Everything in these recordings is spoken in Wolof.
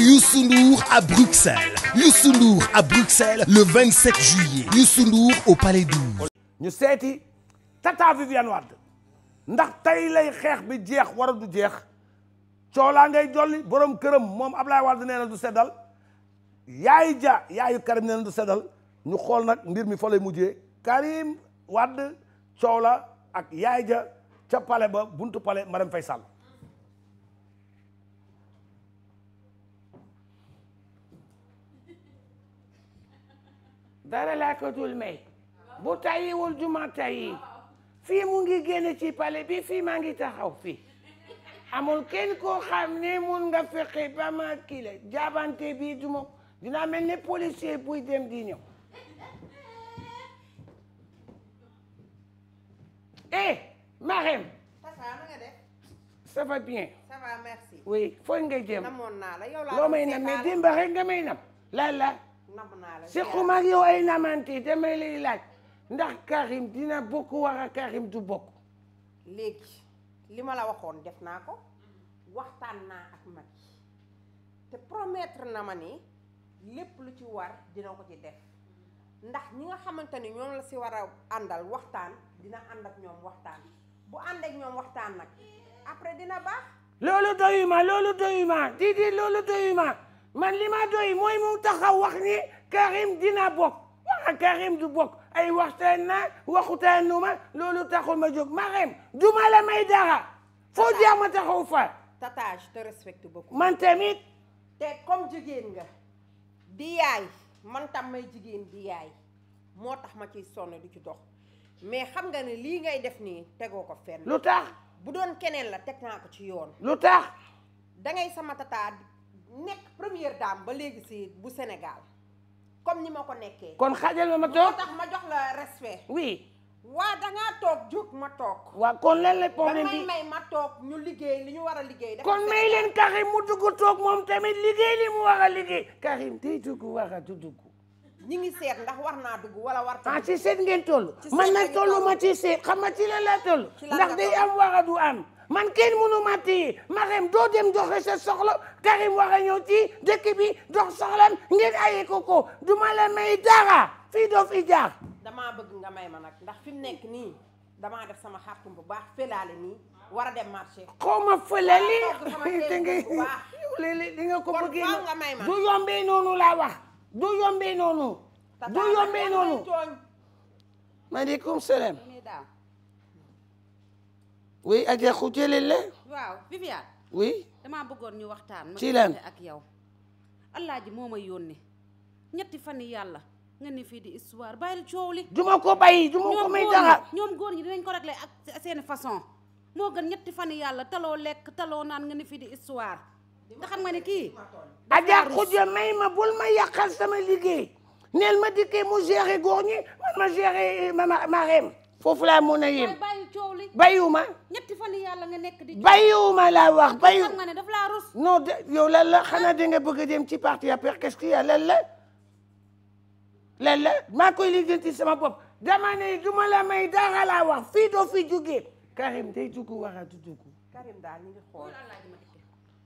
Youssou Ndour à Bruxelles Youssou Ndour à Bruxelles le 27 juillet Youssou Ndour au Palais 12. ñu seeti Tata Viviane Wade ndax tey lay xeex bi jeex war a du jeex coolaa ngay jolli boroom këram moom ab Wade nee na du seddal yaay ja yaayu Karim nee na du seddal ñu xool nag mbir mi fa lay mujjee Karim Wade coow la ak yaay ja ca Palais ba buntu ma Marème Faye Sall. dara laa ko dul may bu tàyyiwul duma tàyyi fii mu ngi génn ci pale bi fii maa ngi taxaw fii amul kenn ko xam ne mun nga fexe ba ma kii la bi duma dina mel ne policier buy dem di ñëw eh Marème ça va nga jëm. namoon naa la yow laa loo may nam nga may nam la nam naa la si xumaag yow ay namante damay lay laaj ndax Karim dina bokk war a Karim du bokk. léegi li ma la waxoon def naa ko waxtaan naa ak Macky te promettre na ma ni lépp lu ci war dina ko ci def ndax ñi nga xamante ni ñoom la si war a àndal waxtaan dina ànd ak ñoom waxtaan bu ànd ak ñoom waxtaan nag après dina baax. loolu doyuma loolu doyuma di di loolu doyuma. man li ma doy mooy mu taxaw wax ni Karim dina bokk waxa Karim du bokk ay waxtaan na waxutaan nu ma loolu taxul ma jóg Marème du ma la may dara. foo jaar ma taxaw fa. tata je te respecte beaucoup. man tamit. te comme jigéen nga. di yaay man tam may jigéen di yaay moo tax ma ciy sonn du ci dox mais xam nga ne lii ngay def nii tegoo ko fenn. lu tax bu doon keneen la teg naa ko ci yoon. lu tax. da sama tata. nekk première dame ba léegi si bu Sénégal comme ni ma ko nekkee. kon xaajal ma ma toog tax la respect. oui. waa dangaa toog jóg ma toog. waa kon lan la problème bi may ma toog ñu liggéey li ñu war a liggéey. kon may leen Karim mu dugg toog moom tamit liggéey li mu war a liggéey. Karim day dugg war a du dugg. ñi ngi seet ndax war naa dugg wala war. ah ci seet ngeen toll. man nag tollu ma ci seet xam nga ci la laa toll. ndax day am war a du am. man kenn mënu ma téye Marème doo dem doxe sa soxla Karim war a ñëw ci dëkk bi dox soxlam ngeen aye ko ko may dara fi jaar. damaa bëgg nga may ma nag ndax fi mu nekk nii damaa def sama xartum bu baax fëlaale war a dem marché. xaw ma fëlali di nga ko bëggee du yombee noonu laa wax du yombee noonu. du yombee noonu. maaleykum salaam. oui Adja Khouj jëlil la. waaw Viviane. oui damaa bëggoon ñu waxtaan. ci lan ak yow. Alaaji moo ma yónni ñetti fan yi yàlla nga ni fii di histoire bàyyil coow li. du ma ko bàyyi du ko may dara ñoom góor ñi dinañ ko réglé ak seen façon moo gën ñetti fan yàlla taloo lekk taloo naan nga ni fii di histoire te xam nga ni kii. Adja Khouj may ma bul ma yàqal sama liggéey. neel ma dikkee mu géré góor ñi man ma ma ma foofu laa mun a yem bayiwuma ñetti fan yàlla nekk di bayiwuma laa wax bayiw non de yow lan la xanaa da bëgg a dem ci parti APR qu'est-ce qu'il y a lan la lan la maa sama bopp dama ne du ma la may dara laa wax fii doo fi jugee Karim day dugg wara du dugg Karim daal ñu ngi xool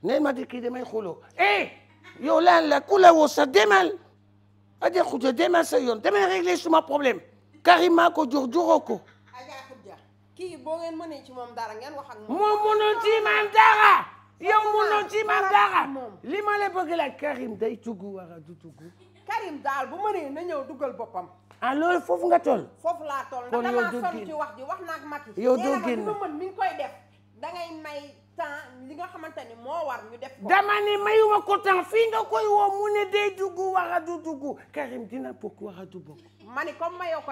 ne ma dikki damay xuloo eh yow lan la ku la woo demal a de xuja demal sa yoon damay régler suma problème Karim maa ko jox joxoo ko. kii boo ngeen mënee ci moom dara ngeen wax ak moom. moom mënoon ci man dara. yow mënoon ci man dara. li ma la bëgg la Karim day tugg wala du tugg. Karim daal bu mënee na ñëw dugal boppam. ah loolu foofu nga toll. foofu laa tol ndax damaa sonn ci wax ji wax naa ak Mati. yow doo génn mën mi may temps li nga xamante ni moo war ñu def ko. dama ne mayuma ko temps fii nga koy mu ne day dugg. pourquoi du dugg Karim dina pourquoi du bokk. ma ne comme ma yoo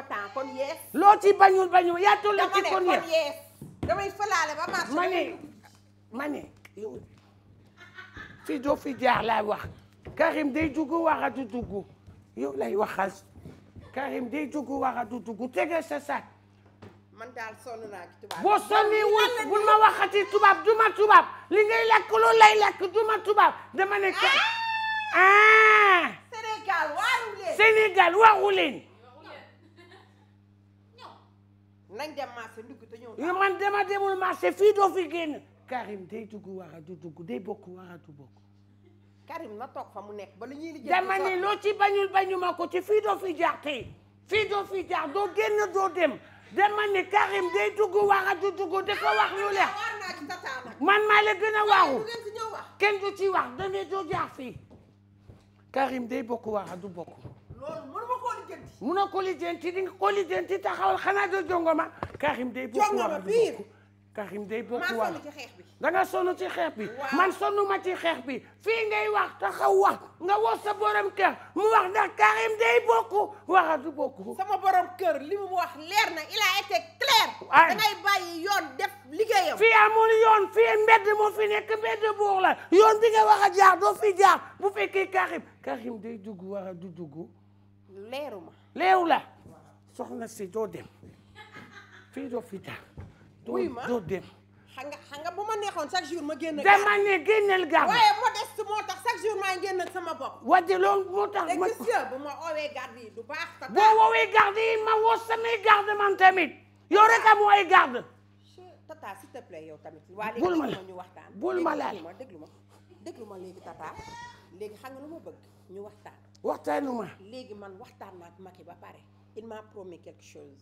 loo ci bañul bañul yaa toll ci kon yees damay fëlaale ba doo fi jaar lay wax Karim day dugg wara du dugg yow lay waxal Karim du dugg tege sa boo sonnee wul bul ma waxati tubaab du ma tubaab li ngay lekk loolu lay lekk du ma tubaab dama ne ah, ah! Sénégal waxu leen. nañ dem marché ndugg man dama demul marché fii doo fi génn. Karim day dugg wara du day bokk wara du bokk. mu nekk ba loo ci bañul bañu ma ko ci fii doo fi jaar fii doo fi jaar doo génn doo dem dama Karim day dugg wara du dugg dafa wax lu leer. man maa la gën a waaru. kenn du ci wax dama doo jaar fii. Karim day bokk wara du mu ne koo lijjanti. mënoo ko lijjanti di nga ko lijjanti taxawal xanaa do jongoma. Karim day bokk war Karim day bokk war da nga ci xeex bi man sonnuma ci xeex bi ngay wax taxaw wax nga woo sa borom kër mu wax ndax Karim day bokk waxa du bokk sama borom kër li mu wax leer na il a été clair da ngay bàyyi yoon def liggéeyam bi nga wax a jaar doo fi jaar bu fekkee Karim Karim day dugg waxa du dugg leeru ma leeru la soxna si doo dem fii doo fi taa doo dem xam nga bu ma neexoon chaque jour ma génn. dama ne génneel gàmm. waaye moo tax chaque jour maa génn sama bopp. wante garde yi du baax. parce boo woowee garde yi ma woo samay garde man tamit yow rek amoo ay garde. tata s'il bul ma la bul ma la déglu ma déglu ma léegi tata léegi xam lu ma bëgg ñu waxtaan. waxtaanuma léegi man waxtaan naa ba pare m'a promis quelque chose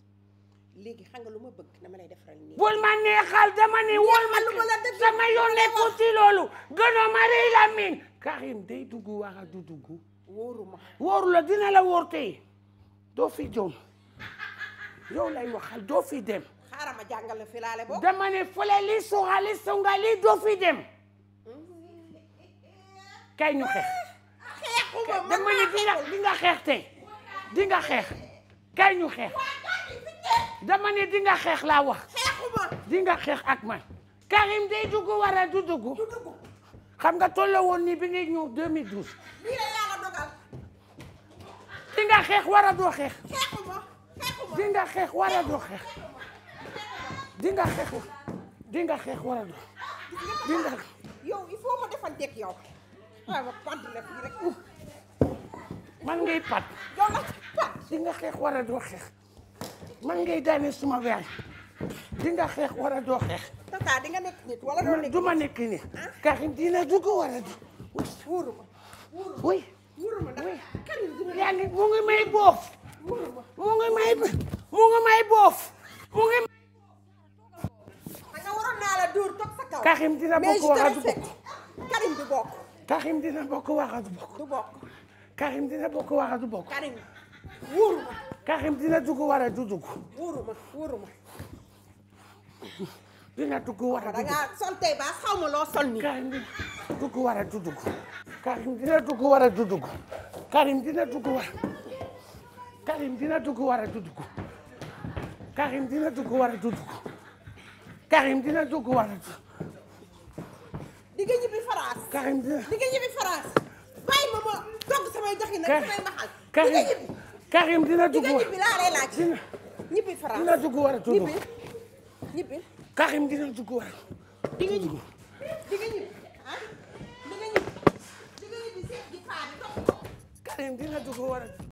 léegi xam nga lu ma bëgg dama lay defaral nii. bul ma neexal dama ni wol ma lu ma la def sama yoon nekkul ci loolu gënoo ma rëy la miin Karim day dugg wax a du dugg wóoru la dina la wóor tey doo fi jom yow lay waxal doo fi dem xaaral ma jàngal la filaale li suxali li doo fi dem kay ñu dama ne di nga di xeex tey di nga xeex kay ñu xeex dama ne di nga xeex laa wax di nga xeex ak man Karim day dugg wala du dugg xam nga tolloo woon ni bi ngay ñëw 2012 di nga xeex wala doo xeex di xeex wala doo xeex di nga xeex di nga xeex wala doo di nga yow il faut yow ma pat man ngay pat di xeex war doo xeex man ngay daane suma weer di nga xeex war a doo xeex tata di nga nekk nekk du ma nekk ah? dina dugg war a du yaa ngi mu ngi may boof mu ngi may boof mu ngi waroon naa la dóor dina bokk war a Karim dina bokk waxa du bokk. du bokk. Karim dina bokk waxa du bokk. Karim wóoruma. Karim dina dugg wala du dugg. wóoruma wóoruma. dina dugg wala du dugg. dangaa sol tey ba xaw ma loo sol nii. Karim dina dugg wala du dugg. Karim dina dugg wala du dugg. Karim dina dugg wala. Karim dina dugg wala du dugg. Karim dina dugg wala du dugg. Karim dina dugg wala du dugg. di nga ñibbi France. Karim di nga ñibbi France. bàyyi ma ma togg samay jox yi nag samay maxal. di nga ñibbi Karim dina dugg war di nga ñibbi laa lay laaj. dina ñibbi France dina dugg war a tudd. ñibbi ñibbi. Karim dina dugg war a tudd. di nga ñibbi di nga ñibbi ah di nga ñibbi di nga ñibbi seet gi paa bi topp ko. Karim dina dugg war a tudd.